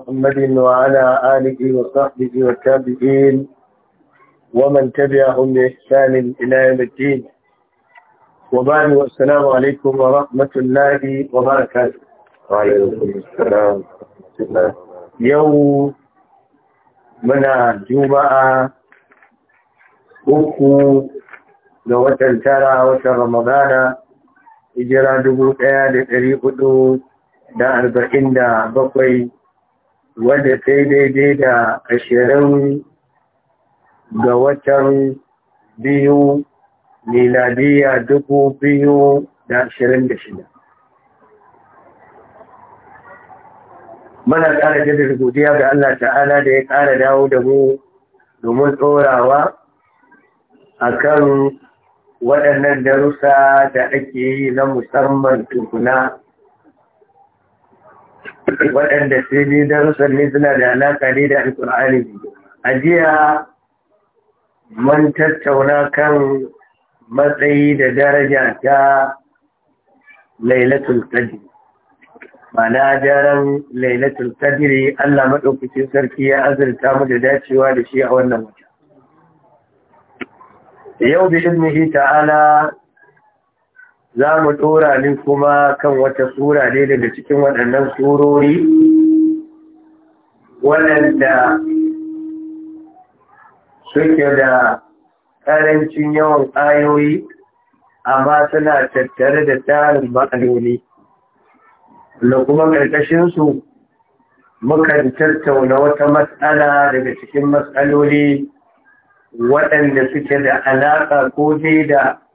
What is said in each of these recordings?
محمد وعلى آله وصحبه والتابعين ومن تبعهم بإحسان إلى يوم الدين وبعد والسلام عليكم ورحمة الله وبركاته وعليكم السلام يوم muna جمعة uku لو watan tara watan ramadana hijira dubu ɗaya da ɗari hudu da wadda ta yi daidai da ashirin ga watan biyu miladiya dubu biyu da ashirin da shida. mana ƙara jirgin godiya ga Allah ta'ala da ya ƙara dawo da mu domin tsorawa a kan waɗannan darussa da ake yi na musamman tukuna waɗanda sai ne darussan ne suna da alaƙa ne da alƙur'ani a jiya mun tattauna kan matsayi da daraja ta lailatul qadr mana daren lailatul qadr Allah madaukakin sarki ya azurta mu da dacewa da shi a wannan wata yau bi iznihi ta'ala za mu ɗora ni kuma kan wata sura ne daga cikin waɗannan surori waɗanda suke da ƙarancin yawan ayoyi amma suna tattare da tarin ma'aloli da kuma ƙarƙashinsu mukan tattauna wata matsala daga cikin matsaloli waɗanda suke da alaƙa ko zai da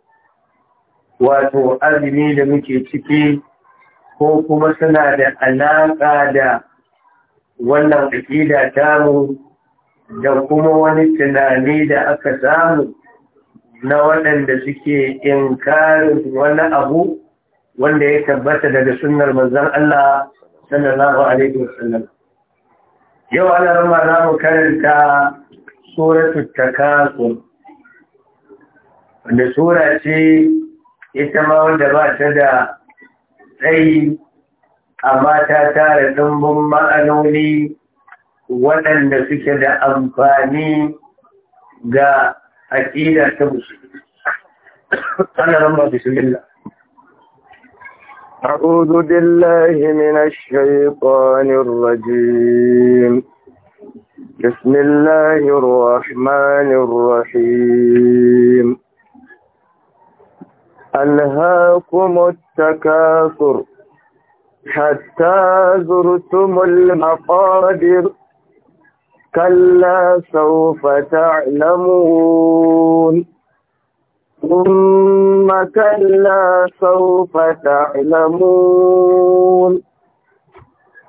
wato azumi da muke ciki ko kuma suna da alaƙa da wannan aƙida tamu da kuma wani tunani da aka samu na waɗanda suke inkarin wani abu wanda ya tabbata daga sunnar manzon Allah sallallahu alaihi wasallam yau ana rama za mu karanta suratul takasur wanda sura ce ita ma wanda ba ta da tsayi amma ta tara ɗumbin ma'anoni waɗanda suke da amfani ga aƙida ta musulmi. Ana ramba bismillah. أعوذ بالله من الشيطان الرجيم بسم الله الرحمن الرحيم ألهاكم التكاثر حتى زرتم المقادر كلا سوف تعلمون ثم كلا سوف تعلمون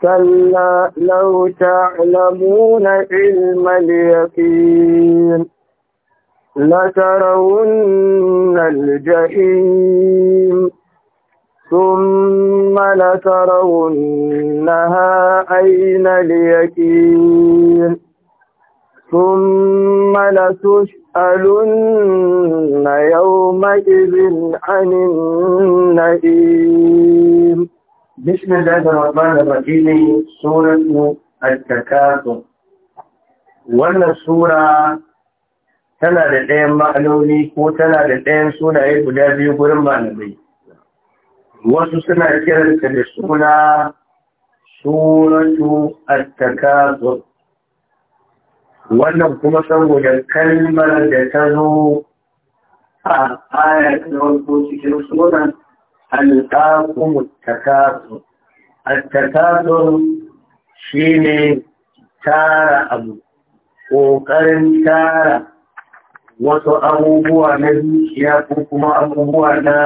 كلا لو تعلمون علم اليقين لترون الجحيم ثم لترونها أين اليكين ثم لتسألن يومئذ عن النعيم بسم الله الرحمن الرحيم سورة التكاثر ولا سورة tana da ɗayan ma'anoni ko tana da ɗayan sunaye guda biyu gurin malamai wasu suna kiranta da suna suratu at wannan kuma saboda kalmar da ta zo a aya ta wato cikin sunan al-taqum at-takasur at shi shine tara abu ƙoƙarin tara wasu abubuwa na zuciya ko kuma abubuwa na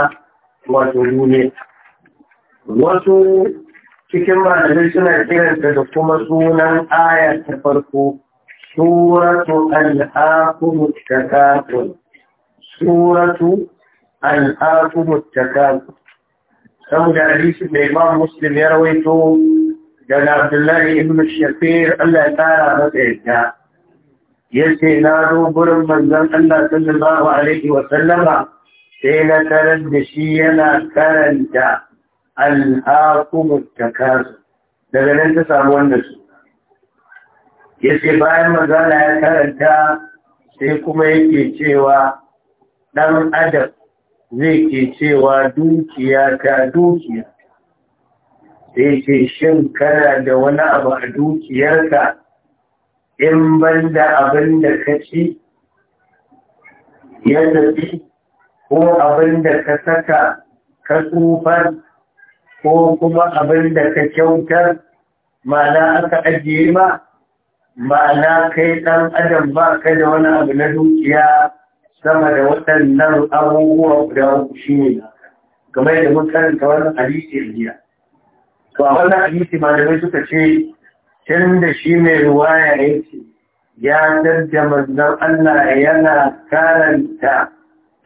wato duniya wasu cikin malamai suna kiranta da kuma sunan aya ta farko suratu al'akumu takakun suratu al'akumu takakun saboda hadisin da imam muslim ya rawaito daga abdullahi ibn shafir allah ya tara masa yadda yace na zo gurin manzon Allah sallallahu alaihi wa sallama sai na tarar da shi yana karanta al'akumut takasu daga nan ta samu wannan su yace bayan manzon ya karanta sai kuma yake cewa dan adam zai ke cewa dukiya ta dukiya sai ce shin kana da wani abu a dukiyarka in ban da abin da ka ci ya tafi ko abin da ka saka ka tsufar ko kuma abin da ka kyautar ma'ana aka ajiye ma ma'ana kai ɗan adam ba ka da wani abu na dukiya sama da waɗannan abubuwa guda uku shi ne kamar da mun karanta wannan hadisi jiya to a wannan hadisi malamai suka ce tun da shi mai ruwaya ya ce ya dadda mazan Allah yana karanta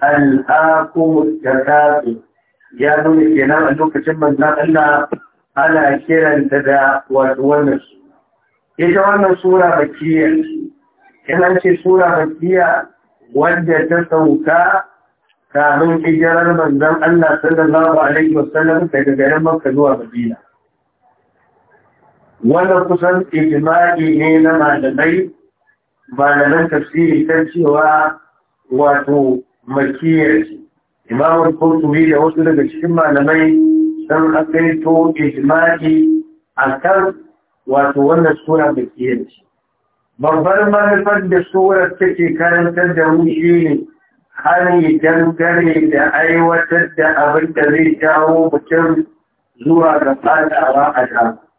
al'akumu da kasu ya nuna kenan a lokacin mazan Allah ana kiranta da wasu wannan su. Ita wannan sura bakiya, ina ce sura bakiya wadda ta sauka kamun hijirar mazan Allah sallallahu alaihi wasallam daga garin maka zuwa Madina. wanda kusan ijimali ne na malamai nan tafsiri kan cewa wato makiyar ce kotu kurtubi da wasu daga cikin malamai sun akaito ijimali a kan wato wannan sura makiyar ce babbar manufar da surar take karantar da mu ne, ne hari dangane da aiwatar da abin da zai jawo mutum zuwa ga fadawa a jama'a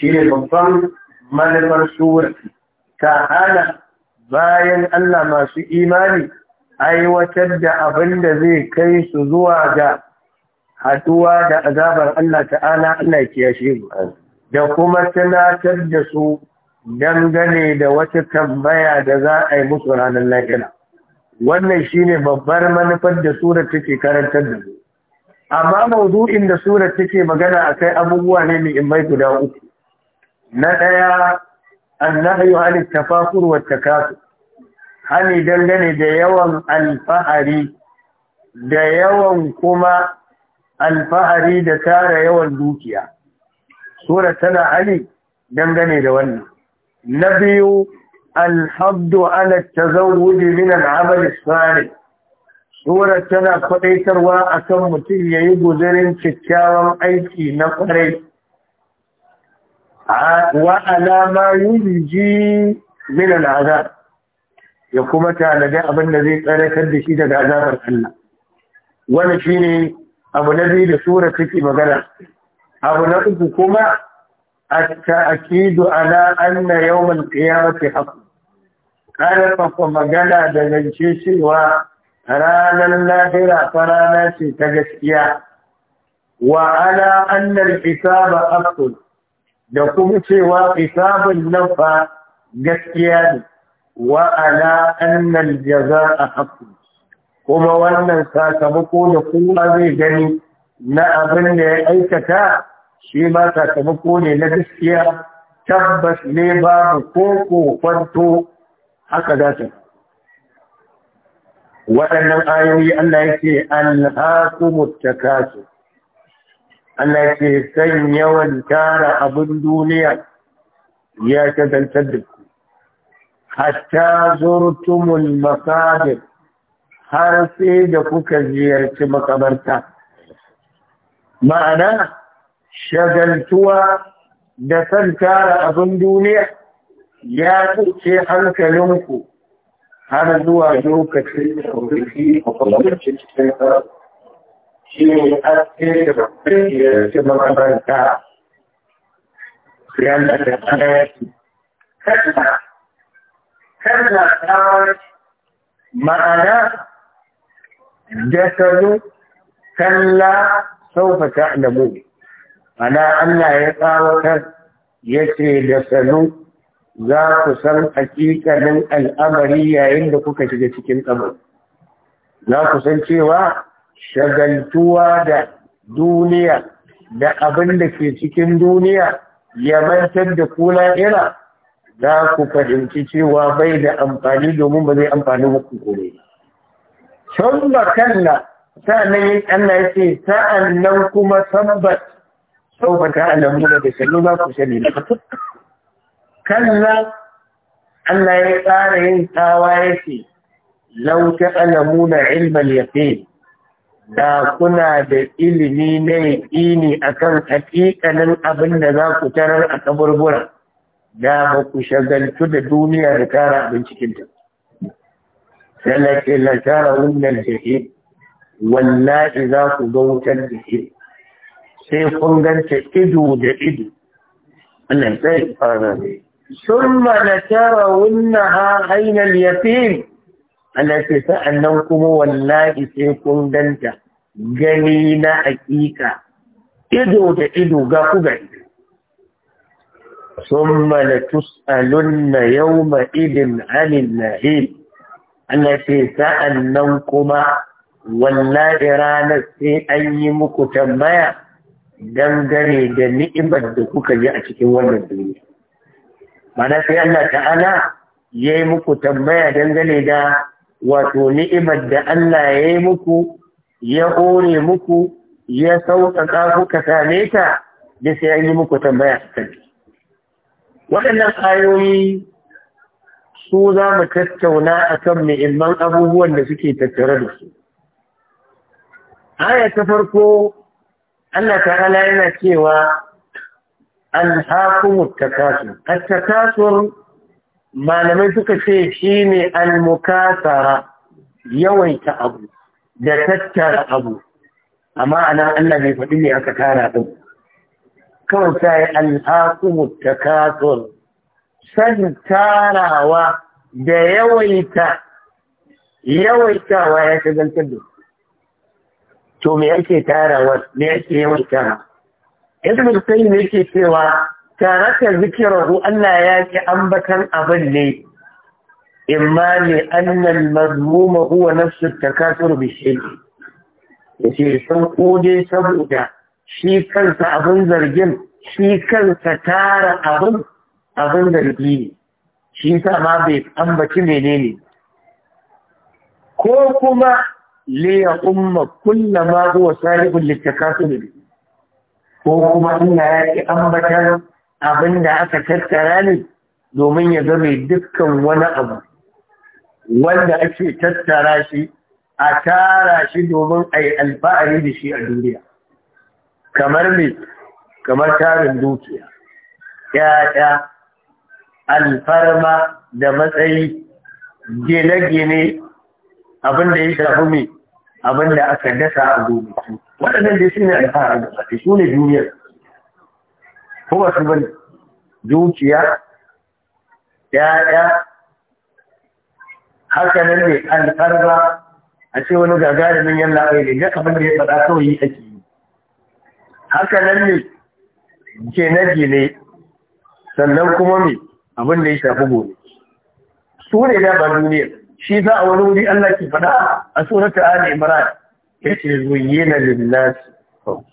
shi ne babban manufar suwar ta hana bayan Allah masu imani aiwatar da abin da zai kai su zuwa ga haduwa da azabar Allah ta'ala Allah kiyashe mu da kuma tunatar da su dangane da wata tambaya da za a yi musu ranar lafiya. wannan shine babbar manufar da surar take karantar da su amma mawdu'in da surar take magana akai abubuwa ne mai guda uku na ɗaya annahyu an tafakur wa takasur hani dangane da yawan alfahari da yawan kuma alfahari da tara yawan dukiya sura tana ali dangane da wannan na biyu alhabdu ala tazawwudi min al'amal salih sura tana kwadaitarwa akan mutum yayi guzarin kyakkyawan aiki na kwarai wa ala ma yurji min la'aza ya kuma tana da abin da zai kan da shi daga azabar Allah wani shine abu na biyu da sura take magana abu na uku kuma atta akidu ala anna yawm al qiyamati haqq kana magana da gance cewa ranar lahira farana ce ta gaskiya wa ala anna al hisaba da kuma cewa hisabun nan fa gaskiya ne wa ala annal a haqqu kuma wannan sakamako da kowa zai gani na abin da ya aikata shi ma sakamako ne na gaskiya tabbas ne babu ko kwanto haka za ta waɗannan ayoyi Allah yake alhaqu mutakasu Allah ce san yawan tara abin duniya ya shagaltar da ku hatta zurtumul makabir har sai da kuka ziyarci makabarta ma'ana shagaltuwa da san tara abin duniya ya kuce hankalinku har zuwa lokacin da kuka yi shi ne haske da babban da tsanaki kada kada ta ma'ana kalla ana Allah ya tsawatar yace da sanu za ku san hakikanin al'amari yayin da kuka shiga cikin kabari za ku san cewa shagaltuwa da duniya da abin da ke cikin duniya ya mantar da kula ina za ku fahimci cewa bai da amfani domin ba zai amfani muku kore can ba kanna sa'annan Allah ya ce sa'annan kuma sabbat sau ba ta alamuna da shanu za ku shani na kanna Allah ya tsara yin tsawa ya ce lau ta alamuna ilmal yaqin da kuna da ilimi na yaƙini akan haƙiƙanin abin da za ku tarar a kaburbura da ba ku shagaltu da duniya da tara abin cikin ta na la tara wannan jahi wallahi za ku ga wutar ke? sai kun ganta ido da ido wannan sai fara ne summa la tara wannan ha ainal yafi Allah ce sa'annan kuma wallahi sai kun danta gani na hakika ido da ido ga ku ga summa la tus'alunna yawma idin 'anil nahim Allah ce sa'annan kuma wallahi ranar sai an yi muku tambaya dangane da ni'imar da kuka ji a cikin wannan duniya mana sai Allah ta'ala ya muku tambaya dangane da wato ni'imar da Allah ya yi muku ya hore muku ya sauƙaƙa kuka same ta da sai an yi muku tambaya a kan waɗannan ayoyi su za mu tattauna a kan abubuwan da suke tattare da su aya ta farko Allah ta'ala yana cewa an takasur at-takasur malamai suka ce shi ne almukasara yawaita abu da tattara abu amma anan Allah mai faɗi ne aka tara ɗin kawai ta yi alhakumu takasur san tarawa da yawaita yawaitawa ya shagaltar da to me yake tarawa me ake yawaitawa yadda mutum yake cewa taraka zikirahu Allah ya ki ambatan abin ne imma ne annal mazmuma huwa nafsu takasur bi shay'i yace san kode saboda shi kansa abin zargin shi kansa tara abin abin zargi ne shi sa ma bai ambaci menene ko kuma ya umma ma huwa salihun litakasur ko kuma Allah ya ambatan abin da aka tattara ne domin ya zame dukkan wani abu wanda ake tattara shi a tara shi domin a yi alfa'ari da shi a duniya kamar ne kamar tarin dukiya ya'ya alfarma da matsayi gine-gine abin da ya shafi mai abin da aka dasa a gobe waɗannan dai su ne alfa'ari da su ne duniyar ko ba su bane dukiya ya'ya haka nan ne alfarba a ce wani gagarumin yan labai ne ga kamar da ya faɗa kawai yi ake yi haka nan ne gine-gine sannan kuma me abin da ya shafi gobe su ne da ba duniya shi za a wani wuri Allah ke faɗa a surata Ali Imran yace zuyyina lin-nas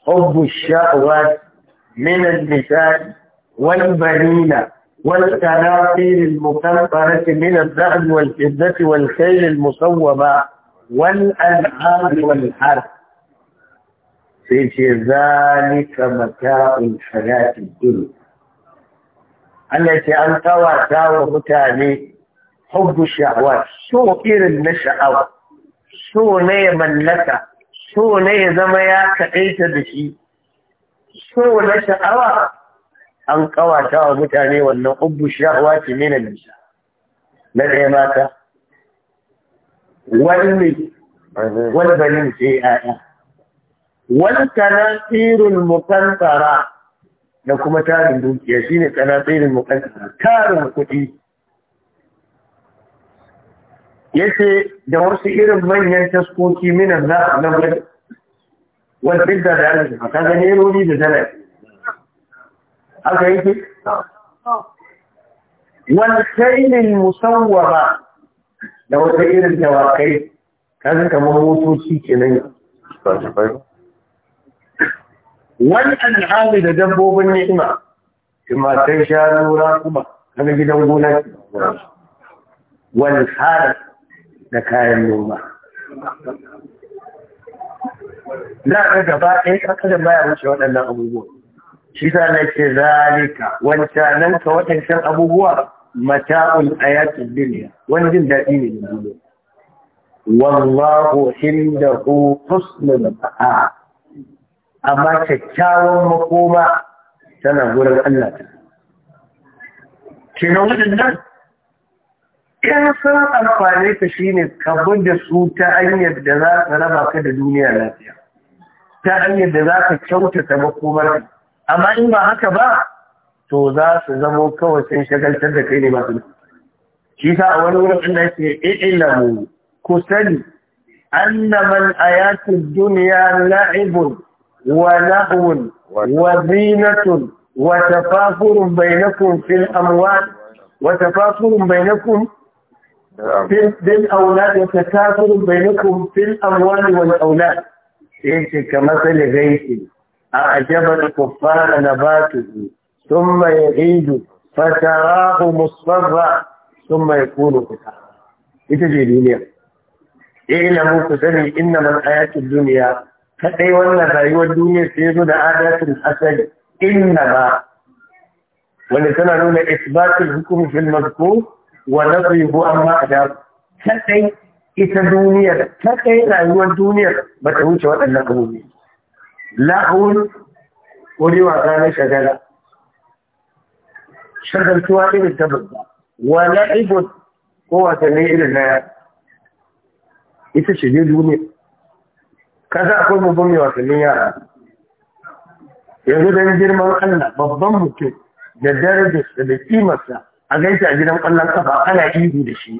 hubbu ash-shahawati من النساء والبنين والقناطير المكفرة من الذهب والفضة والخيل المصوبة والأنعام والحرث في ذلك متاع الحياة الدنيا التي أنت تواتى متاني حب الشهوات شو كير نشأوا شو نيمن لك شو نيزم يا كعيت بشي so na sha'awa an kawata wa mutane wannan ubu sha'awa ce ne na nisa na ɗaya mata wani wani banin ce ya'ya wani kanatirul mukantara da kuma tarin dukiya shine tsirin mukantara tarin kuɗi ce da wasu irin manyan taskoki minan za a wanda duk da da ka ga nerori da dare haka yake wal kailin musawwama da wata irin dawakai kaga kamar motoci kenan wani al'adu da dabbobin ni'ima tumatai shanu kuma kaga gidan gona wal har da kayan noma Na a gaba ɗaya ƙasar baya wuce waɗannan abubuwa shi ta na ce zalika wancanan ka waɗancan abubuwa mata'un ayatul duniya wani jin daɗi ne na duniya wallahu indahu husnul ma'a amma kyakkyawan makoma tana gurin Allah ta kenan waɗannan in san amfane ka shine ka da su ta hanyar da za ka raba ka da duniya lafiya ta hanyar da za ka kyautata makomar amma in ba haka ba to za su zamo kawai sun shagaltar da kai ne masu da shi sa a wani wurin inda yake eh, mu. ku sani annaman ayatul duniya la'ibun wa la'un wa zinatun wa tafafurun bainakum fil amwal wa tafafurun bainakum fil aulad wa tafafurun bainakum fil amwal wal aulad yace kamar sai gaiti a ajabar kuffara nabatuhu thumma yahidu fatarahu musfarra thumma yakunu kuffara ita ce duniya ilamu ku sani inna man ayatul duniya kadai wannan rayuwar duniya sai zo da adatul asali inna ba wanda tana nuna isbatul hukm fil amma ita duniyar ta kai rayuwar duniyar ba ta wuce waɗannan abubuwa la'awun wani wasa na shagala shagaltuwa irin ta babba wa la'ibun ko wasannin irin na yara ita ce ne duniya kaza akwai babban mai wasannin yara yanzu don girman Allah babban mutum da darajar da da kimarsa a gaisa a gidan ƙwallon kafa ana ihu da shi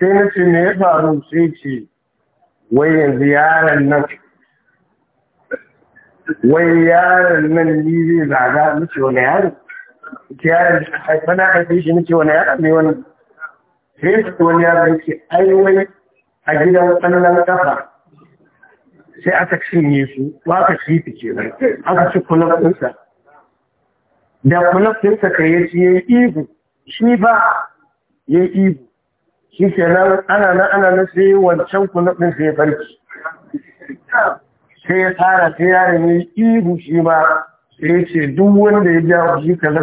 sai na ce me ya faru sai ce wai yanzu yaron nan wai yaron nan ni zai zaga nace wani yaro ce yaron haifa na haife shi nace wani yaro ne wani sai ce wani yaro nace ai wai a gidan tsallan kafa sai aka cinye su ba ka shi ke ba aka ci kulab ɗinsa da kulab ɗinsa ka yi ihu shi ba ya yi ihu shi ke nan ana nan ana nan sai wancan kunut ɗin sai farki sai ya fara sai yaron ya yi ihu shi ba sai ya ce duk wanda ya jawo shi kaza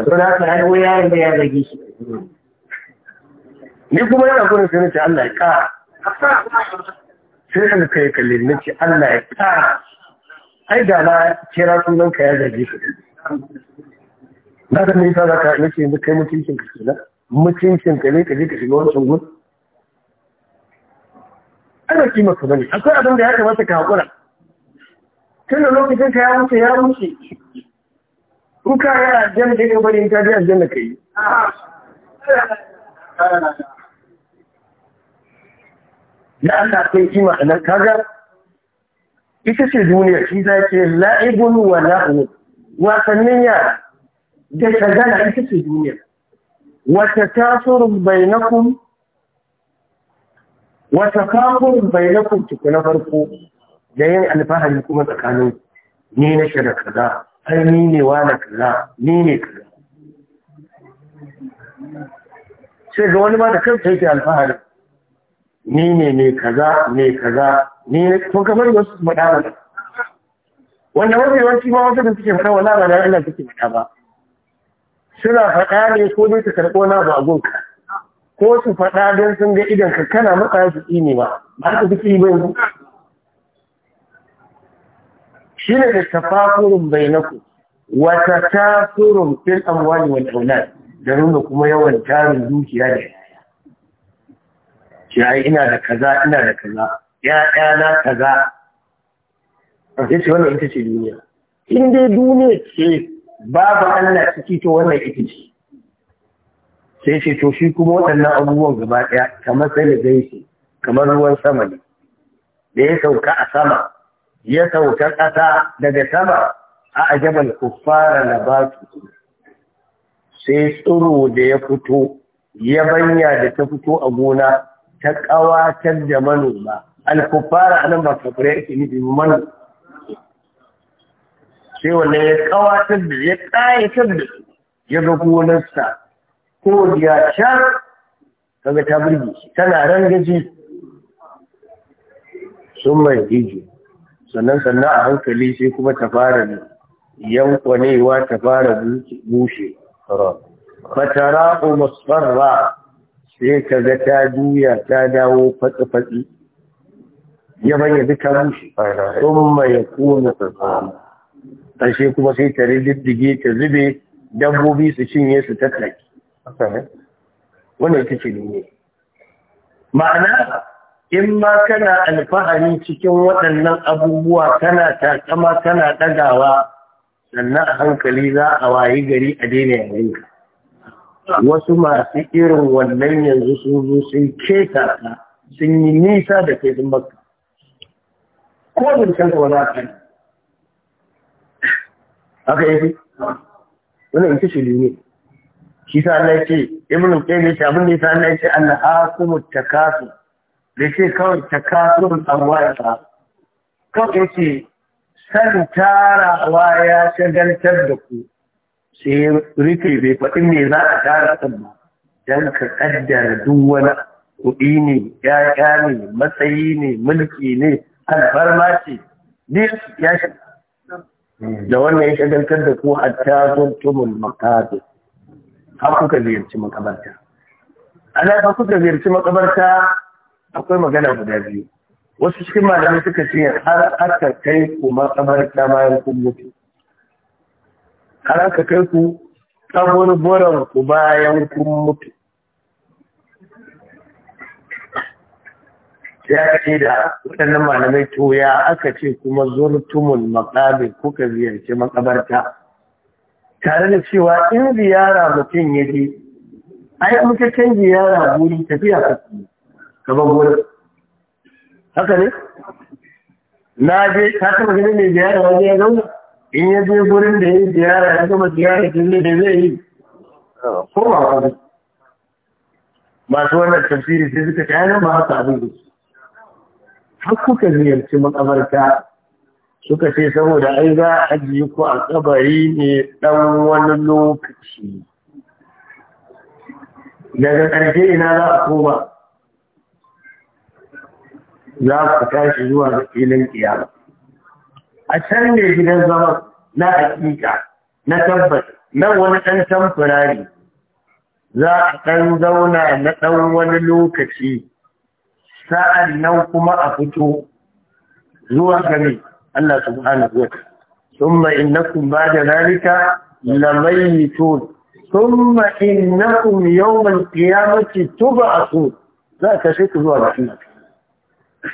kaza Ni kuma yana gudun sai nace Allah ya ƙara. Sai da kai kalli nace Allah ya ƙara. ai da na kira sunan ka ya zage shi na da nisa za ka nake yanzu kai mutuncin ka kenan mutuncin ka ne ka je ka shiga wancan gun ana kima ka bane akwai abin da ya kamata ka haƙura tun da lokacin ka ya wuce ya wuce in ka yi aljanna da yin bari in ka je ka yi ya Allah kai kima a nan kaga ita ce duniya shi za ke la'ibun wa la'u wasannin yara da shagala ita ce duniya wata tasirin bainakun? wata kafurin bainakun tuku na farko da yin alfahari kuma tsakanin ni na da kaza har ni ne wani kaza ni ne kaza sai ga wani ma da kansa yake alfahari ni ne ne kaza ne kaza ni ne to kamar da su faɗa mana wanda wani wani ma wata da suke fara wala ba da Allah suke faɗa ba suna faɗa ne ko dai su karɓo na ba ka ko su faɗa don sun ga idan ka kana matsa su ne ba ba ka fi ba yanzu shi ne da tafafurun bainaku wata tasurun fil amwali wani aunar da nuna kuma yawan tarin dukiya ne ce ina da kaza ina da kaza ya na kaza ya ce wannan ita ce duniya in dai duniya ce babu Allah ciki to wannan ita ce sai ce to shi kuma waɗannan abubuwan gaba ɗaya kamar sai da gaishe kamar ruwan sama ne da ya sauka a sama ya sauka ƙasa daga sama a ajabal kuffara labatu sai tsiro da ya fito yabanya da ta fito a gona ta ƙawatar da manoma alkufara a nan ba kafirai yake nufi manu sai wanda ya ƙawatar da ya ƙayatar da su ya ga gonarsa ko ya sha kaga ta burge shi tana rangaji sun mai hiji sannan sannan a hankali sai kuma ta fara yankwanewa ta fara bushe fatara ko masfarra sai ka ga ta duya ta dawo fatsi-fatsi ya bayyana duka rushe sun mai kuna ƙarshe kuma sai ta riddige ta zube dabbobi su cinye su tattaki wannan ita ce ne ma'ana in ma kana alfahari cikin waɗannan abubuwa tana takama kana ɗagawa sannan a hankali za a wayi gari a daina yayinka wasu masu irin wannan yanzu sun zo sun keta ta sun yi nisa da kai sun baka ko kan ka wani za ka yi haka yi in ita shi ne shi sa Allah ya ce ibnu qayyim ya ce abin da yasa Allah ya ce an hakumu takasu da ce kawai takasurun amwaya kawai ya ce san tarawa ya shagaltar da ku sai rufe bai faɗi me za a tara ɗin ba don ka ƙaddara duk wani kuɗi ne ya'ya ne matsayi ne mulki ne alfarma ce ne ya shi da wannan ya shagaltar da ku hatta zuntumul makabi har kuka ziyarci makabarta A ana fa kuka ziyarci makabarta akwai magana guda biyu wasu cikin malamai suka ce har aka kai ku makabarta bayan kun mutu har aka kai ku kaburburan ku bayan kun mutu ya ce da waɗannan malamai to ya aka ce kuma zurtumul ko kuka ziyarci makabarta tare da cewa in ziyara mutum ya je ai muka can ziyara guri tafiya ka gaba guri haka ne na je ka taba gani mai ziyara wani ya zauna in ya je gurin da ya yi ziyara ya gama ziyara jirgin da zai yi kowa wani masu wannan tafsiri sai suka ta yana ba haka abin har kuka ziyarci makabarta suka ce saboda ai za a ajiye ku a kabari ne dan wani lokaci daga ƙarshe ina za a koma za ku tashi zuwa ga filin kiyama a can ne gidan zama na hakika na tabbas nan wani ɗan tamfurari za a ɗan zauna na ɗan wani lokaci sa'an nan kuma a fito zuwa gani Allah subhanahu wa ta'ala thumma innakum ba'da zalika lamaytun thumma innakum yawm qiyamati tub'athun za ka shi zuwa ga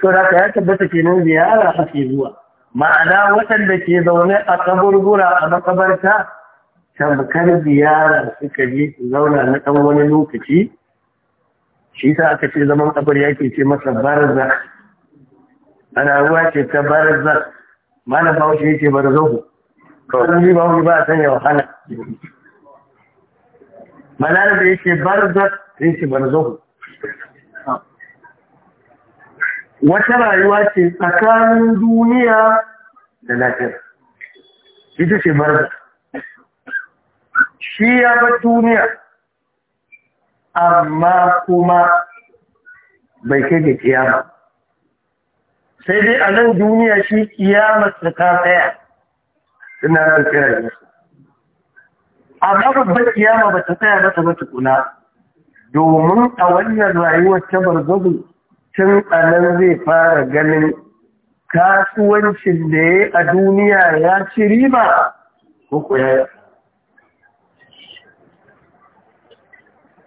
to da ka ya tabbata kenan ziyara ake zuwa ma'ana waɗanda ke zaune a kaburbura a makabarta tamkar ziyara suka je su zauna na ɗan wani lokaci shi sa aka ce zaman kabar ke ce masa barza ana ruwa ce ta barza mana bahaushe yake ku kawai ni bahaushe ba a sanya wahala malala da yake barza sai ce ku. wata rayuwa ce tsakanin duniya da lafiya ita ce da. shi ya ba duniya amma kuma bai kai da kiyama sai dai a nan duniya shi kiyama ta tsaya suna nan kira ne amma babban kiyama ba ta tsaya mata ba tukuna domin a wannan rayuwar ta barzabu tun a nan zai fara ganin kasuwancin da ya a duniya ya ci riba ko ya yi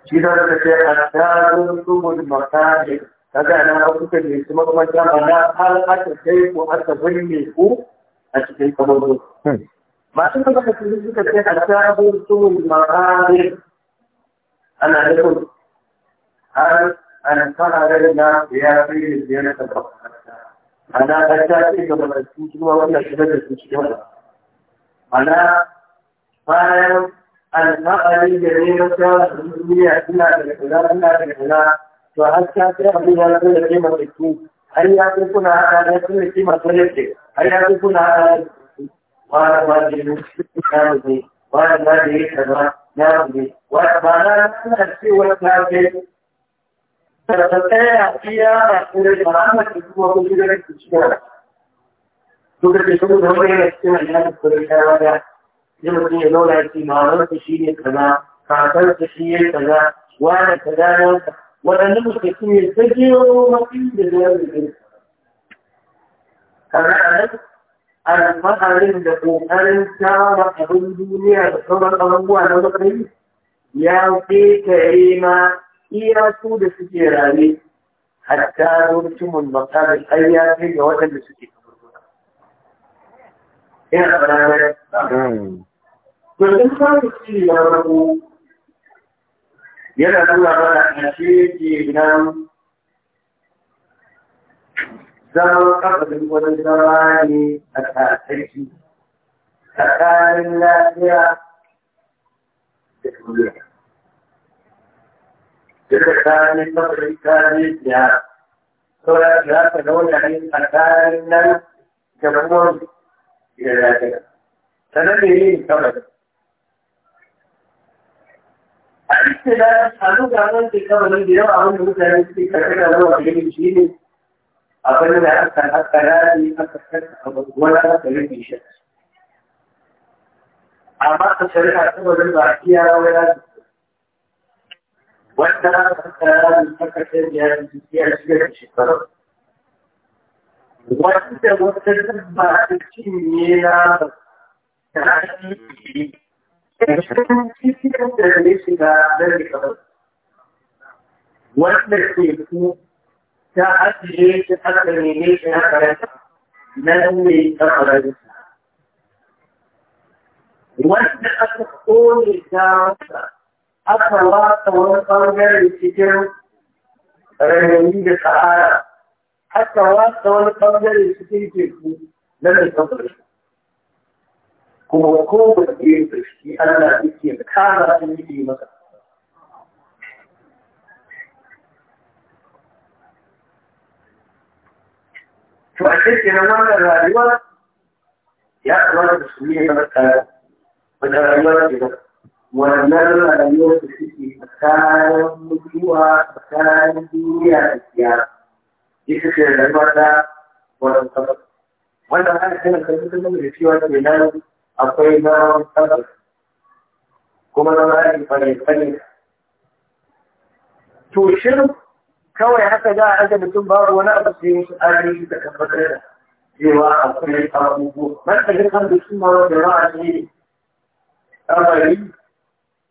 shi da wanda ce a tsarin rubun makari ta gana a kuka ne su makamanta mana har aka kai ko aka birne ko a cikin kamaru hmm. masu da baka tuni suka ce a tsarin rubun makari ana nufin har أنا أنا لنا يا أنا أنا أنا أنا أنا أنا ولا أنا أنا أنا فاهم أن أنا أنا أنا أنا أنا أنا أنا أنا أنا ولا أنا أنا أنا أنا على أنا أنا أنا أنا أنا على وأنا ما أنا وأنا ما أنا أنا ما أنا وأنا ما أنا أنا أنا أدري waɗannan mutaki ne ta jero mafi da zuwa da ke kare alfaharin da ƙoƙarin kama abin duniya da sauran abubuwa na matsayi ya fi kare ma iya su da suke rame hatta mutumin makarar ai ya kai ga waɗanda suke kaburbura. Ina ranar. Gudun samun ciri na rabu yana nuna mana a ke nan zama kafarin wani zama ne a tsarki tsakanin lafiya da duniya. duka tsakanin mafi tsakanin ya saura da za ka zauna ne tsakanin nan da kuma da lafiya sannan da yin kamar a cikin da a duka nan da kamar da yawa abin da mutane suke karɓar da zama a gani shi ne abin da aka aka rari aka karɓa a wani aka rufe shi amma a shari'a saboda ba a iya rawar wata tsakarar sakashin ya shirya Wanda wata dabba ta cinye na ta cikin shiga zai Wanda ke ku ta ajiye shi aka neme shi na karanta, nan ne ta Wanda aka kone ta wata aka ta wani ɓangare cikin rayayi da sahara aka ta wani ɓangare cikin teku na mai tabbatar kuma ko ba ke yin shi Allah yake kara sun yi masa to a cikin wannan rayuwa ya kamata su yi mata wata rayuwa ce wannan rayuwar da suke tsakanin mutuwa tsakanin duniya da siya ita ce rayuwa ta wannan tabbas wannan ana tana karfafa da da cewa ke nan akwai na tabbas kuma na rayuwa fare fare to kawai haka za a aje mutum babu wani abu sai musu tsari da tabbatar da cewa akwai abubuwa ban da dukkan da su ma wanda ra'a ne tsabari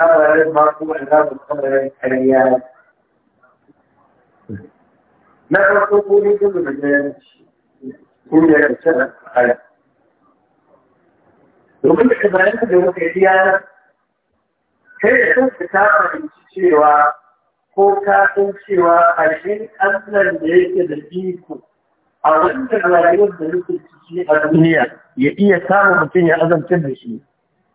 kabarin ma kuma azabar kabarin Na farko ko ne gudu da jayanci, inda ya kace da Domin da bayan da wata iya. kai da kanka ta cewa ko ka san cewa ƙarshen ƙasar da yake da iko a wannan rayuwar da yake ciki a duniya ya iya samun mutum ya azantar da shi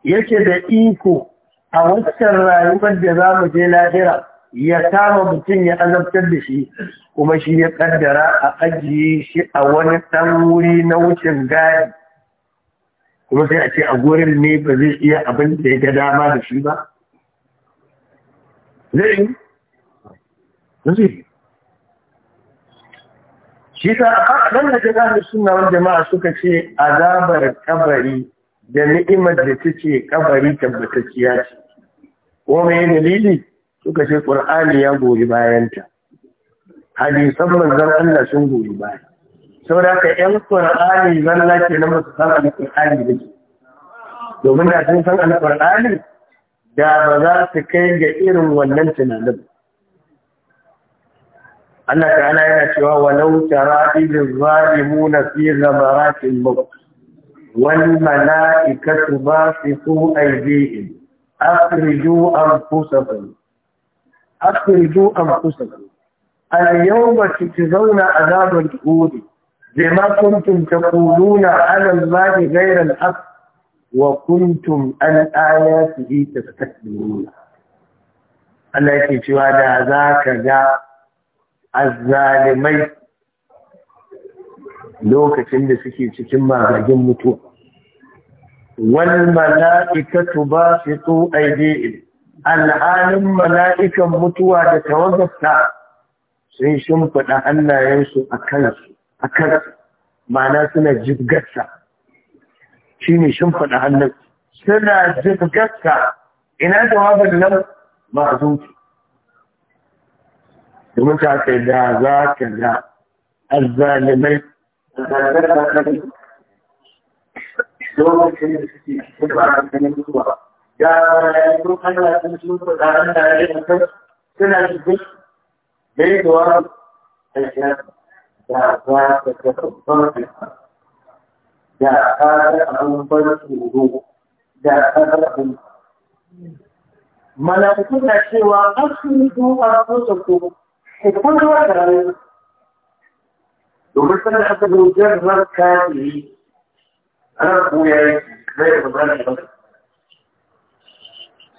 yake da iko a wancan rayuwar da za mu je lahira ya kama mutum ya azabtar da shi kuma shi ya kaddara a ajiye shi a wani ɗan wuri na wucin gadi kuma sai a ce a gurin ne ba zai iya abin da ya ga dama da shi ba zai yi shi ta ɗan da jama'a suna wani jama'a suka ce azabar kabari da ni'imar da ce kabari tabbatacciya ce ko mai dalili suka ce ƙur'ani ya goyi bayanta hadisan manzon Allah sun goyi baya saboda ka ƴan ƙur'ani zalla ke na musu san Qur'ani da shi domin da sun san Qur'ani da ba za su kai ga irin wannan tunanin Allah ta'ala yana cewa walau tara idin zalimuna fi zamaratil maut wal mala'ikatu basitu aydihim أخرجوا أنفسكم أخرجوا أنفسكم اليوم تجزون عذاب الجهود بما كنتم تقولون على الله غير الحق وكنتم عن آياته تستكبرون Allah yake cewa da za ka ga azzalimai lokacin da suke cikin magagin wal mala'ikatu basitu aydihim alhalin mala'ikan mutuwa da tawaggasta sun shimfiɗa hannayensu a akan su, akan ma'ana suna jibgarsa shine ne fada Allah suna jibgarsa ina jawabin nan ma'azuki domin ta sai da za ka ga azzalimai يوم الكريم الكثير يدعو على الكريم الكبرى يا يكون خيرا المسلمون وتعلمنا عليه الكبر سنة الذكر بيت ورد الكلام يا ذات الكفر ضرب يا هذا المنطلق الوضوء يا هذا ملائكو na cewa an sun yi a kusa ku ku kuma da wata rayuwa domin sanar da haka da wujen ranka ne ana koya yake zai da zan ba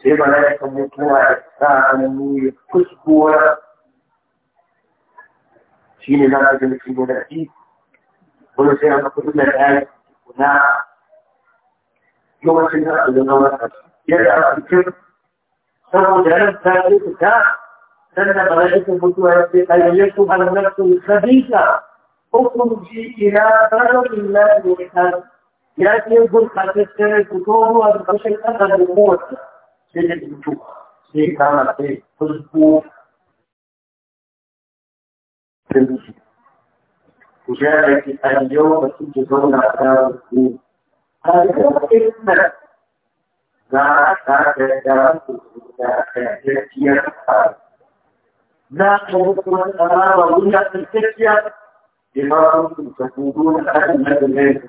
sai mala'ikan mutuwa ya sa hannu ya fuskowar shi ne za ka ga mutum da shi wani sai aka kudu da ɗaya na yawancin da aka zama wata yadda aka cikin saboda ran ta ce fita sannan mala'ikan mutuwa ya ce ayyayyaku halnafsu khabisa hukunci ila barar lillahi wa ya ce gurɓataccen fito ruwa da ƙarshen ƙasa da kowace sai ya fito sai kama sai fusko da nishi. Ku sha da ke ke zauna a kan su. A yau za a tsaka da su da tsakiyar tsari. Za a yi kuma tsara wa wuya tsakiyar da ba su tafi gudu a kan nagin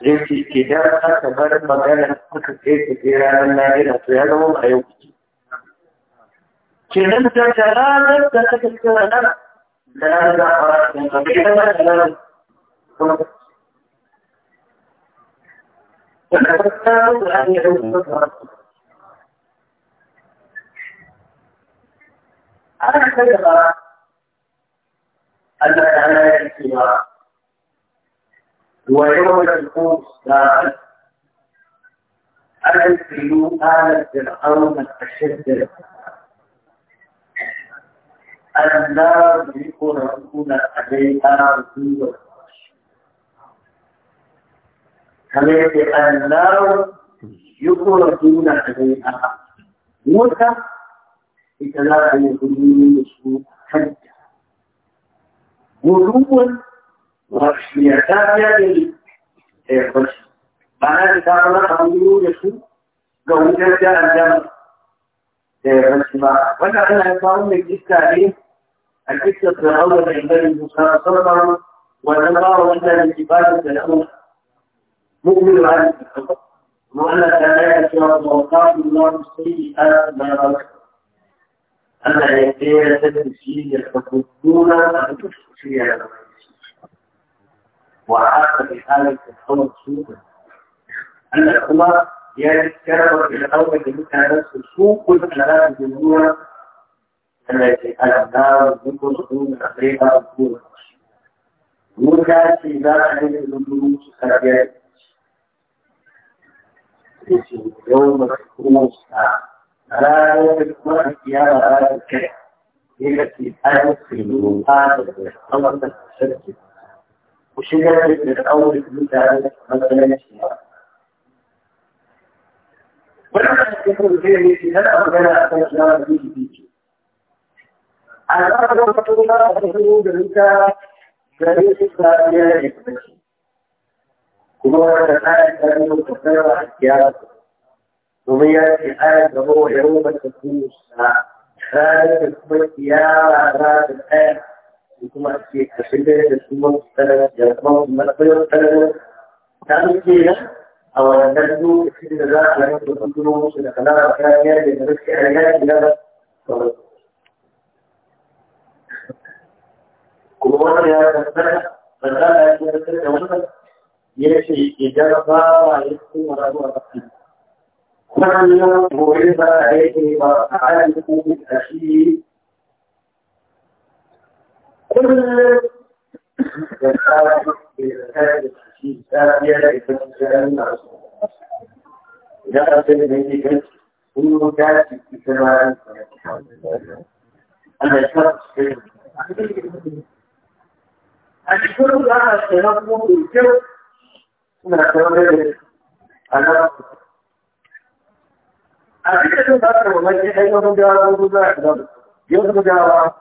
لكي كدار خاصة بارد مدانا نفكت ايه تكيرا لنا ايه نطيالهم ايوك كنن تشغال تتكتر لنا لا لا أنا أقول لك أن الله تعالى يحب ويوم القوم قال أنزلوا آل فرعون أشد النار يقرؤون عليها غدوا كذلك النار يقرؤون عليها موسى بكلام يقولون حجة غدوا وحشيتها يدي ايه بس معناها كتاب الله حمدوه يسوع لو جاء الجنة ايه بس ما وانا انا هيطلعوا من الجيش عليه الجيش الاول عندنا المسار صلى ونظر ولا الجبال تلأوه مؤمن عن وأنا لا يشعر وقاف الله السيئات ما يرى أنا يدير تدرسي يتفكرون أن تشكي على وعاق بحالة الأول سوقا أن الأمر يتكرر في الأول كان نفس سوق الألام بالنور التي الأبناء ذكر سوق الأخيرة بالنور وكان في ذلك النور سكريات يوم تقوم الساعة لا يوم القيامة لا تكره هي التي أدت في الوقات التي حصلت الشركة وشجرة من الأول في مثلا مثلا ولما يكون غيري في هذا أنا أتجاهل به بيجي أنا أقول لك أنا أقول لك ذلك ثانية كما الآية التي تكرر احتياط وهي الآية وهو يوم القدوس ذلك هو اختيار هذا الآية kuma a ce a shigar da su wasu da kuma matsayin tsara ta ke a wannan lokacin da za a yi da kunturo musu da kana da kariya da da gaske a yaki na ba kuma wannan ya tabbata ba za a yi da da wannan ya ce idan ba wa ya kuma rabuwa ba kullum gobe ba a yake ba a halin kuma a shi kullum da safi da safi da shi safiya da ita cikin nasu idan a sai da yake gan kullum ta ci ita ma Allah ya sa su kai a cikin za a tsara kuma mai kyau suna tare da alaƙa a cikin za a tsara wani ainihin gawa ko za a tsara yau zama gawa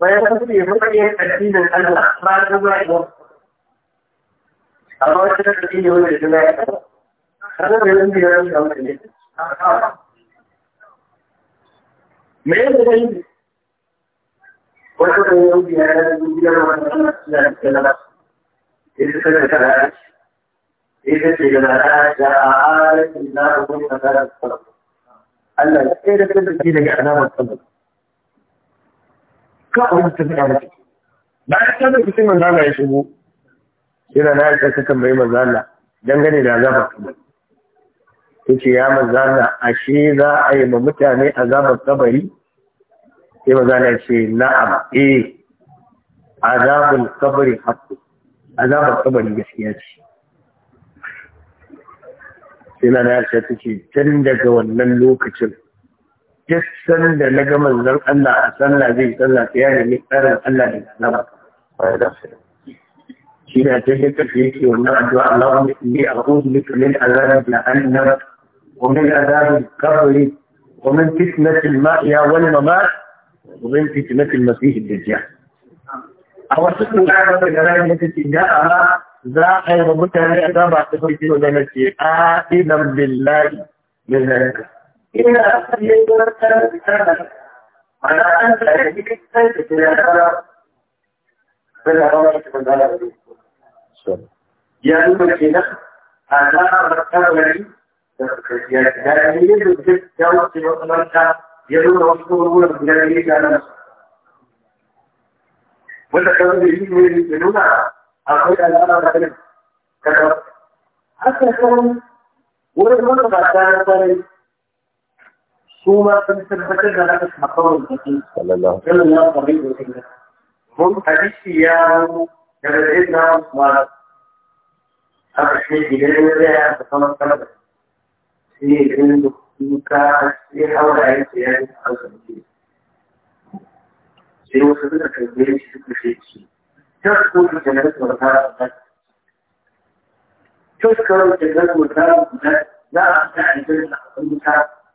bayan su ne yi addinin Allah ba ta ba ya amma wata da take yi wani juna ya kaba kada da yin biyar da wani ne me ya da yi wata da yin biyar da biyar wani da ke da ba ita ce da kara ita ce da kara da a alaƙin na abun da kara Allah ya tsere da daga alamar sallah ka a wani tafiya mace bayan ta zai kusin manzo Allah ya shigo yana na aisha ta tambayi manzo Allah dangane da azabar kabari ce ya manzo Allah ashe za a yi ma mutane azabar kabari sai manzo Allah ya ce na'am eh azabul kabari haqqu azabar kabari gaskiya ce sai na aisha ta ce tun daga wannan lokacin duk san da na ga manzon Allah a sallah zai sallah ta yare ne tsarin Allah ne na ba shi ne ta yi kafi yake wannan addu'a Allah ne bi a kudu bika min azabi na annab wa min azabi kabri wa min fitnati al-mahya wal mamat wa min fitnati al-masih ad-dajjal a wasu kuma da ranar da take da'a za a yi wa mutane azaba ta farko da nace a idan billahi min zalika إلى أن يتبتل سنة على أن لا يجب السيد إلى الغرب بل غرب من الغرب يأمل إلى أنا أرتبني يعني يجب جد جوة وقلتها يدور رسوله من الذي كان ولا كانوا يجيبوا يجيبون أقول أنا أرتبني كذا حتى كان ولد مرة بعد ذلك su ma sun tabbatar da haka ya daga sayyidina Umar a ƙarshe idan da sai da sai yi wasu suka tambaye shi suka shi ta su kuma da ta za a ta a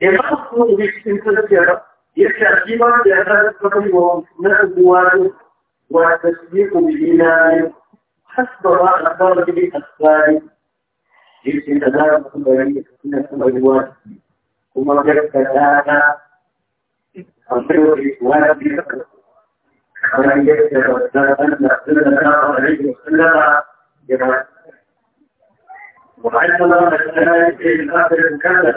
يتخصص باستنتاج الرب يستعجبا بهذا القتل ومنع الزواج والتصديق بالإيمان حسب ما أخبر به الثاني الاستنتاج الخبرية سنة الأزواج وما جرت هذا أمر الإسلام بفقر ومن جرت هذا أن صلى الله عليه وسلم وعلم الله الثاني في الآخر المكلف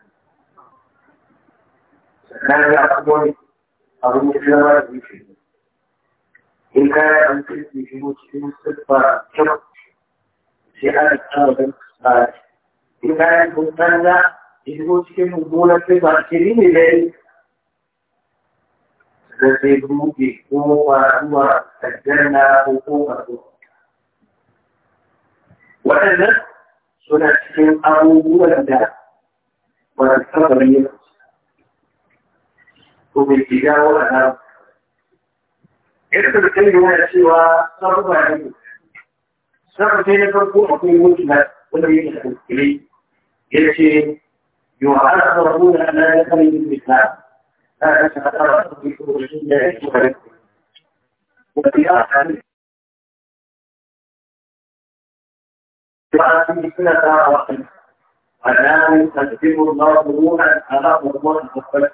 sannan ya kuma abin da zama da in kaya an kirki cikin kyau sai ana don in kaya kun shigo cikin mummunan ne da yi sai buɗe ko ko waɗannan suna cikin abubuwan da ba su taɓa وبالتجارة والأنام يكتب كلمة سوى صرف عليه صرف هنا فرقه أقول مجمع ولم يدخل إليه يأتي يعرف ربنا أن يدخل الإسلام هذا سأترى في كل شيء وفي آخر وآتي سنة آخر أنا أقدم الله نورا على أمور الخلق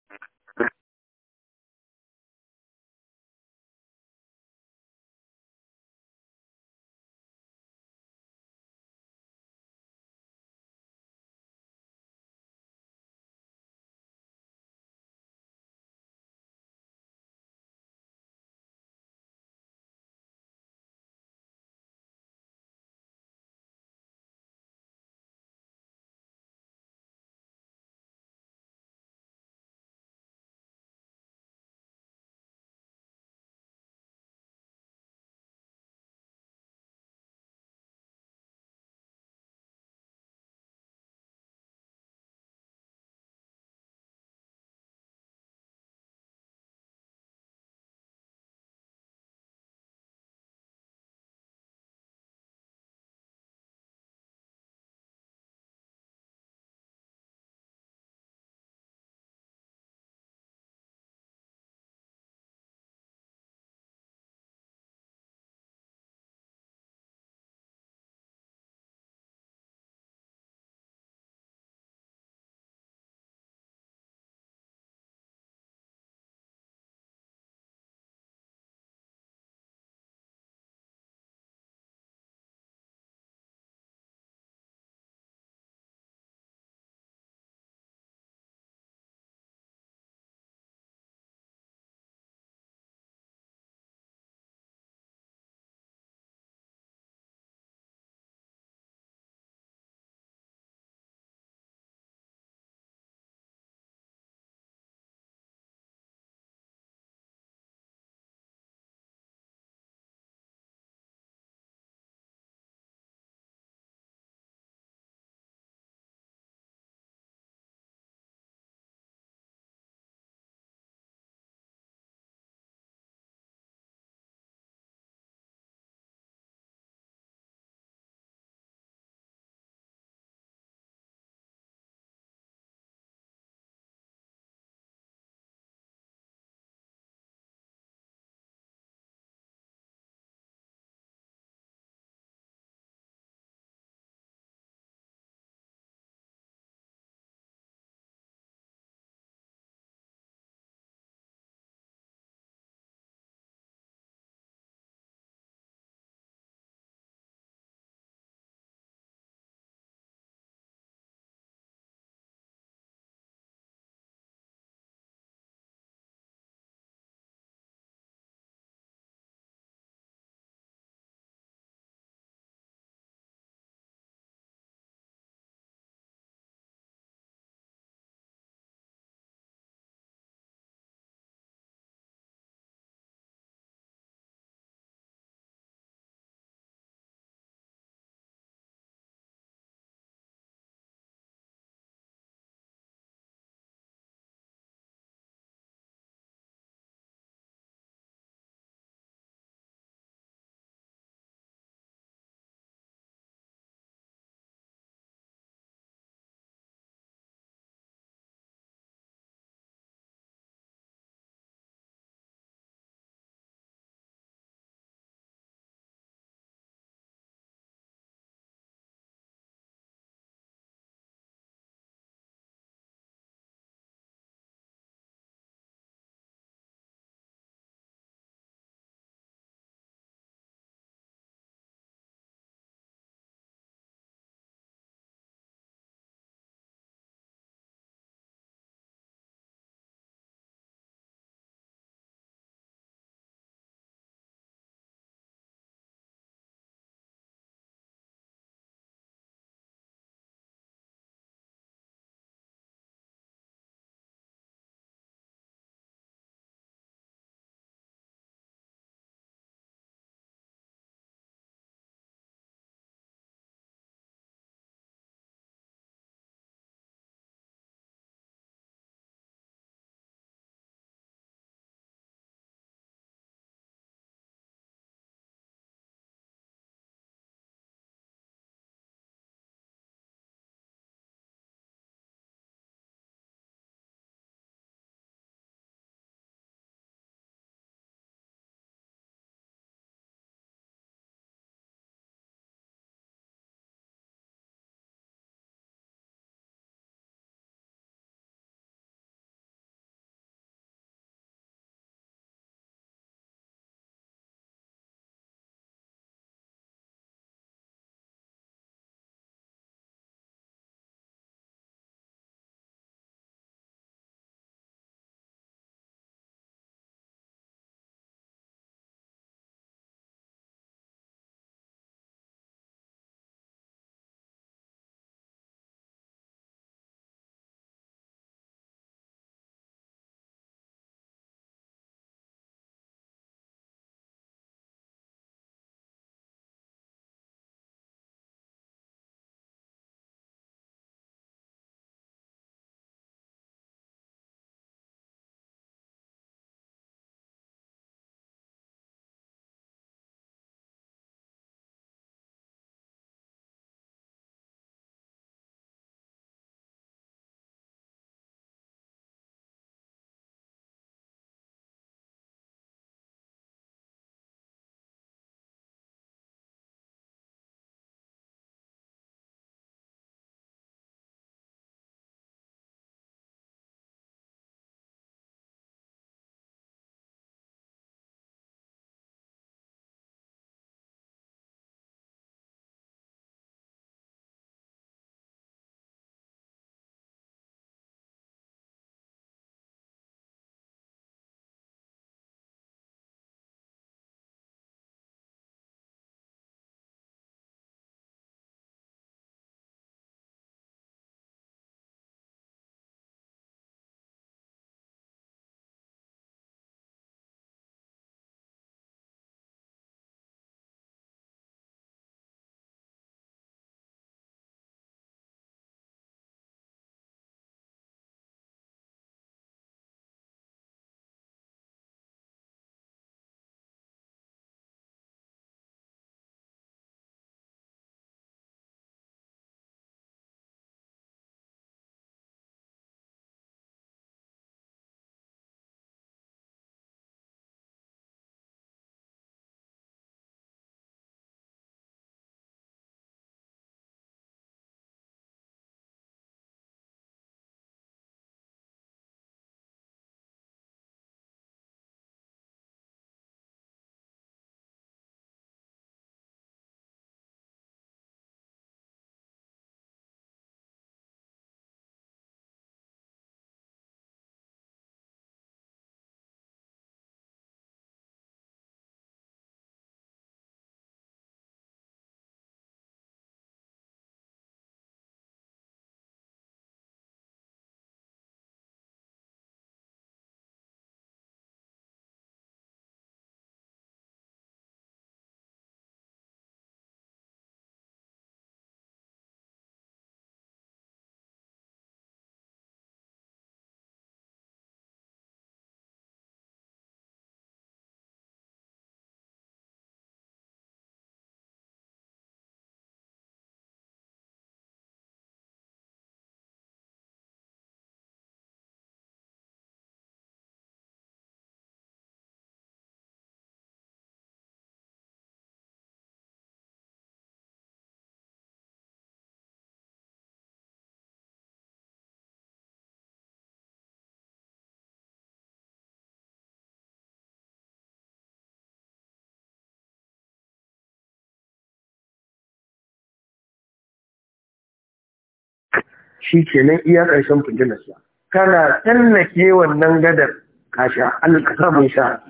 shi kenan iya ƙarshen fitilarsa kana tsallake wannan gadar kasha alƙasamun sha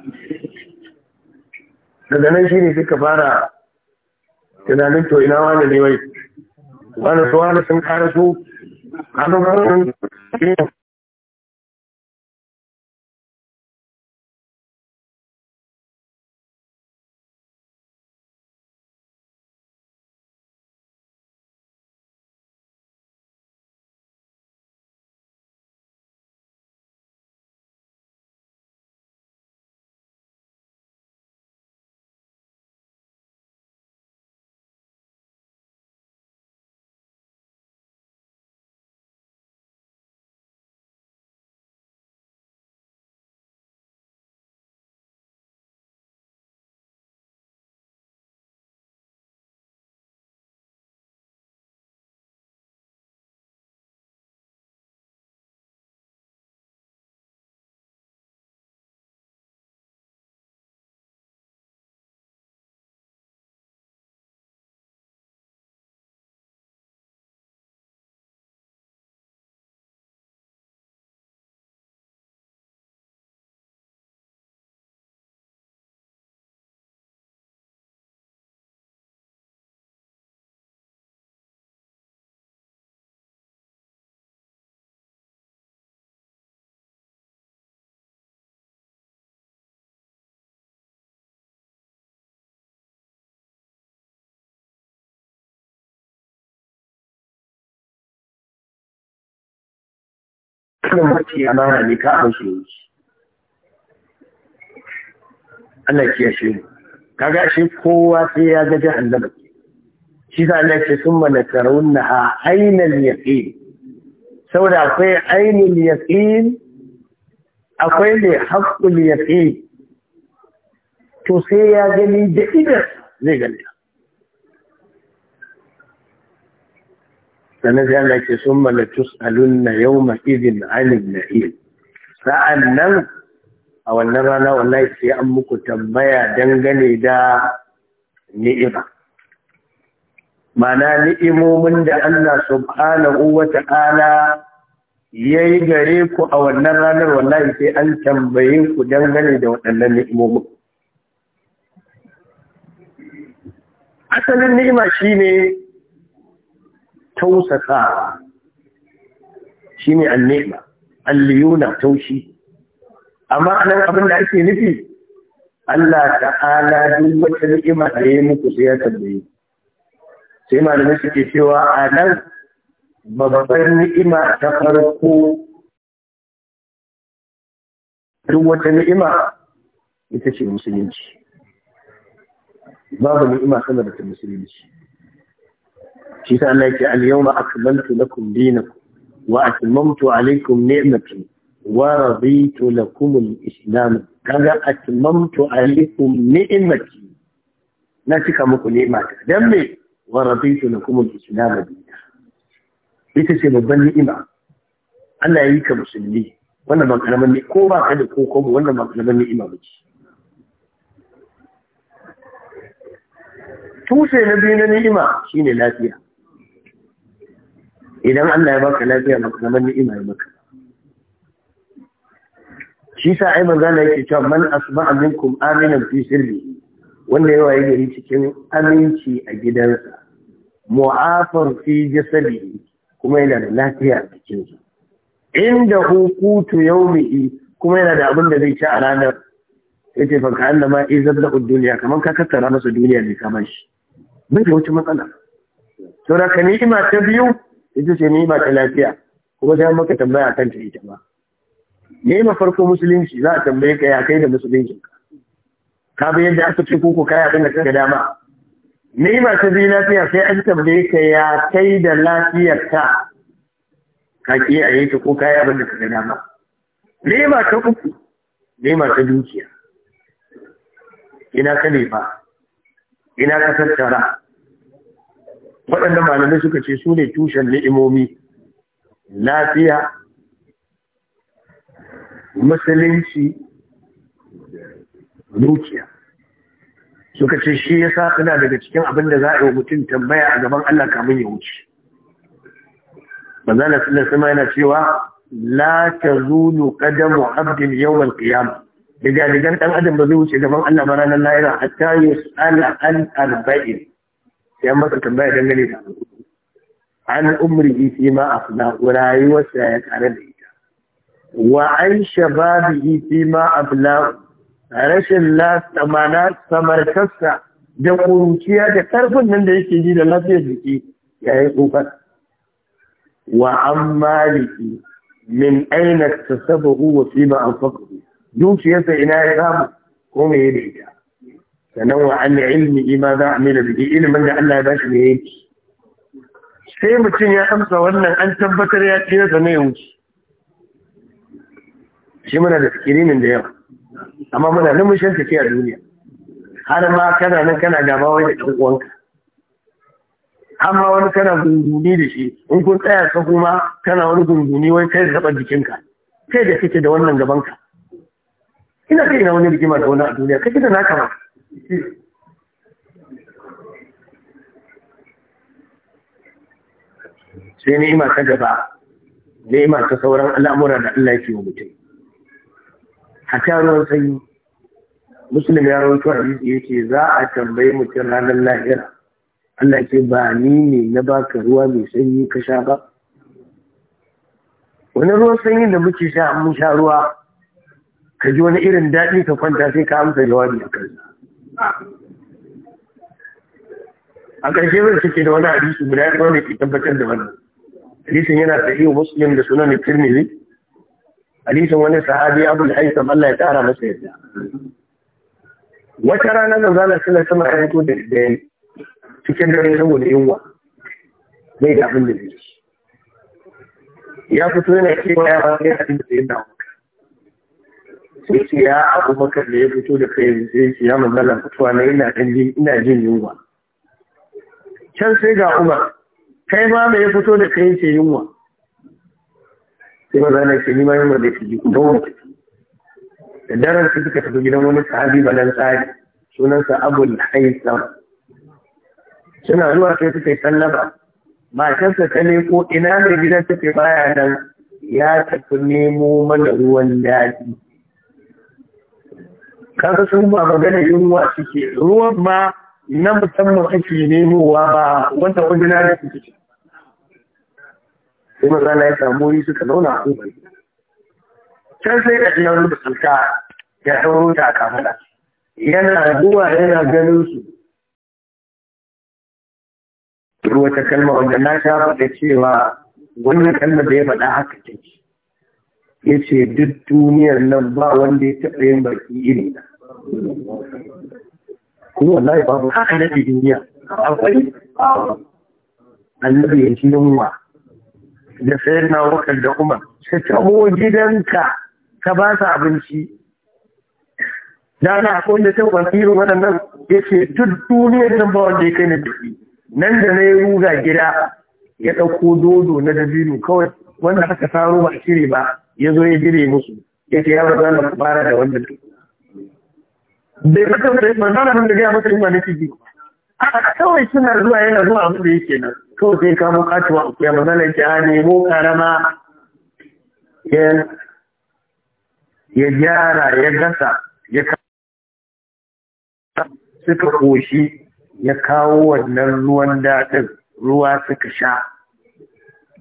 daga nan shi ne suka fara tunanin to ina wani ne wai wani sun karasu a lokacin kan mace amana ne ka amshe shi Allah ya kiyashe kaga shi kowa sai ya ga jahannama shi sa Allah ce summa latarawunnaha ainal yaqin saboda akwai ainul yaqin akwai ne haqqul yaqin to sai ya gani da idan zai ganta sannan sai Allah ce sun mala tus'alunna yawma alin na iya. sa'an nan a wannan rana wallahi sai an muku tambaya dangane da ni'ima mana ni'imomin da Allah subhanahu wa ta'ala ya yi gare ku a wannan ranar wallahi sai an tambaye ku dangane da waɗannan ni'imomin. Asalin ni'ima shi ne tausasa shi ne annema liyuna taushi amma anan abin da ake nufi Allah ta'ala duk wata ni'ima da ya muku sai ya tambaye sai malamai suke cewa a nan babbar ni'ima ta farko duk wata ni'ima ita ce musulunci babu ni'ima sama da ta musulunci shi ta a ce al-yawma akmaltu lakum dinakum wa atmamtu alaykum ni'mati wa raditu lakum al-islam kaga atmamtu alaykum ni'mati na cika muku ni'mata dan me wa raditu lakum al-islam ita ce babban ni'ima Allah ya yi ka musulmi wannan ba ko ba ka da ko wannan ni'ima ce tushe biyu na ni'ima shine lafiya idan Allah ya baka lafiya ba kuma ni'ima ya maka shi sa ai manzo Allah yake cewa man asba'a minkum aminan fi sirri wanda yawa ya gari cikin aminci a gidansa mu'afar fi jasadi kuma yana da lafiya a cikinsa inda hukutu yaumi'i kuma yana da abin da zai ci a ranar ya ce fanka an da ma da duniya kamar ka kattara masa duniya ne kamar shi bai da wata matsala saboda ka ni'ima ta biyu ita ce ni'ima ta lafiya kuma sai maka tambaya kan ta ita ma ni'ima farko musulunci za a tambaye ka ya kai da musulunci ka bi yadda aka ce koko kaya abin da kaga dama ni'ima ta bi lafiya sai an tambaye ka ya kai da lafiyar ta ka ki a yi ta ko kaya abin da kaga dama ni'ima ta uku ni'ima ta dukiya ina ka ne ba ina ka tattara waɗanda malamai suka ce su ne tushen ni'imomi lafiya musulunci dukiya suka ce shi ya sa suna daga cikin abin da za a yi wa mutum tambaya a gaban Allah kamun ya wuce manzana sallar sama yana cewa la ta zulu kadamu abdin yawan kiyama daga digan ɗan adam ba zai wuce gaban Allah ba ranar lahira hatta yus'ala an arba'in ya masa tambaya dangane da an umri fi ma wurare rayuwarsa ya kare da ita wa an shababi fi ma fina rashin la samarkarsa da kuruciya da karfin nan da yake ji da lafiyar jiki ya yi tsokar wa an maliki min aina saba wa fi ma anfaqahu dukiyarsa ina ya samu ko me ya da ita sannan wa an ilmi ma za a mila da ilimin da Allah ya bashi da yake sai mutum ya amsa wannan an tabbatar ya tsira da ne wuce shi muna da sikirinin da yawa amma muna nan mushin tafi a duniya har ma kana nan kana gaba wai da ɗan uwanka amma wani kana gunguni da shi in kun tsaya ka kuma kana wani gunguni wai kai da taɓar jikinka kai da kake da wannan gabanka ina kai na wani rigima da wani a duniya kake da naka ba sai ni'ima ta gaba ni'ima ta sauran al'amura da Allah yake wa mutum a ruwan sanyi musulmi ya rawaito hadisi yace za a tambayi mutum ranar lahira Allah ce ba ni ne na baka ruwa mai sanyi ka sha ba wani ruwan sanyi da muke sha mun sha ruwa ka ji wani irin daɗi ka kwanta sai ka amsa jawabi a kansa a ƙarshe zan cike da wani hadisi guda ya ne ke tabbatar da wannan hadisin yana sahihu muslim da sunan tirmidhi hadisin wani sahabi abul haytham Allah ya tara masa yadda wata rana da zana suna sama ya yanko da dare cikin dare saboda yunwa mai da abin da zai ya fito yana cewa ya ba ya abin da zai dawo yace ya abu da ya fito da kai yanzu yace ya magana fitowa na ina jin ina jin yunwa can sai ga umar kai ma me ya fito da kai yace yunwa sai maza na ce ni ma yunwa da ke ji don da daren su suka tafi gidan wani sahabi balan tsari sunansa abul haisam suna zuwa sai suka yi sallama matarsa ta ne ko ina mai gidan take baya nan ya tafi nemo mana ruwan daji kaga sun ba magana yunwa suke ruwan ma na musamman ake nemowa ba wanda wani na da suke sai magana ya samu wuri suka launa a kuma can sai da ina rubuta sulka ya sauro ta a kamada yana zuwa yana ganin su ta kalma wanda na sha faɗa cewa wannan kalmar da ya faɗa haka ce. ya ce duk duniyar nan ba wanda ya taɓa yin baki iri na kuma wallahi babu haka na duniya akwai annabi ya ji yunwa da sayar na wakar da umar ka taho gidanka ka ba su abinci da na akwai wanda ta kwanci irin nan. ya ce duk duniyar nan ba wanda ya kai na duki nan da na yi ruga gida ya ɗauko dodo na dabino kawai wanda aka saro ba shiri ba ya zo ya gire musu ya ce ya rabu na fara da wannan bai ya kawai sai manzo na da ya masa yin na ciki a kawai suna zuwa yana zuwa abu da yake nan kawai sai kamo katuwa a kuya manzo ya ce a nemo karama ya gyara ya gasa ya suka koshi ya kawo wannan ruwan daɗin ruwa suka sha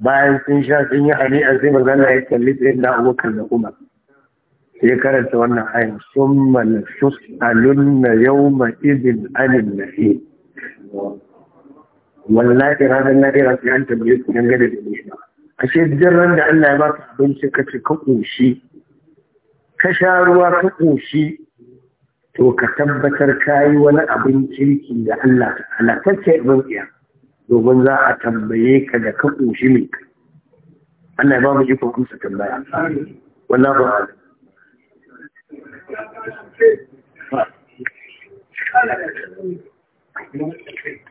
bayan sun sha sun yi hani'a sai magana ya kalli tsayin da abokan da umar sai karanta wannan ayin sun malasus na yau ma izin anin nafi wallahi ranar nadira sai an tambaye su dangane da nishma ashe jirran da Allah ya ba ka abinci ka ci ka ƙoshi ka sha ruwa ka ƙoshi to ka tabbatar ka yi wani abin kirki da Allah ta halatacce abin iya. domin za a tambaye ka da ka ƙoshi mai ka Allah ya ba mu iko kusa tambaya wannan ba Thank you.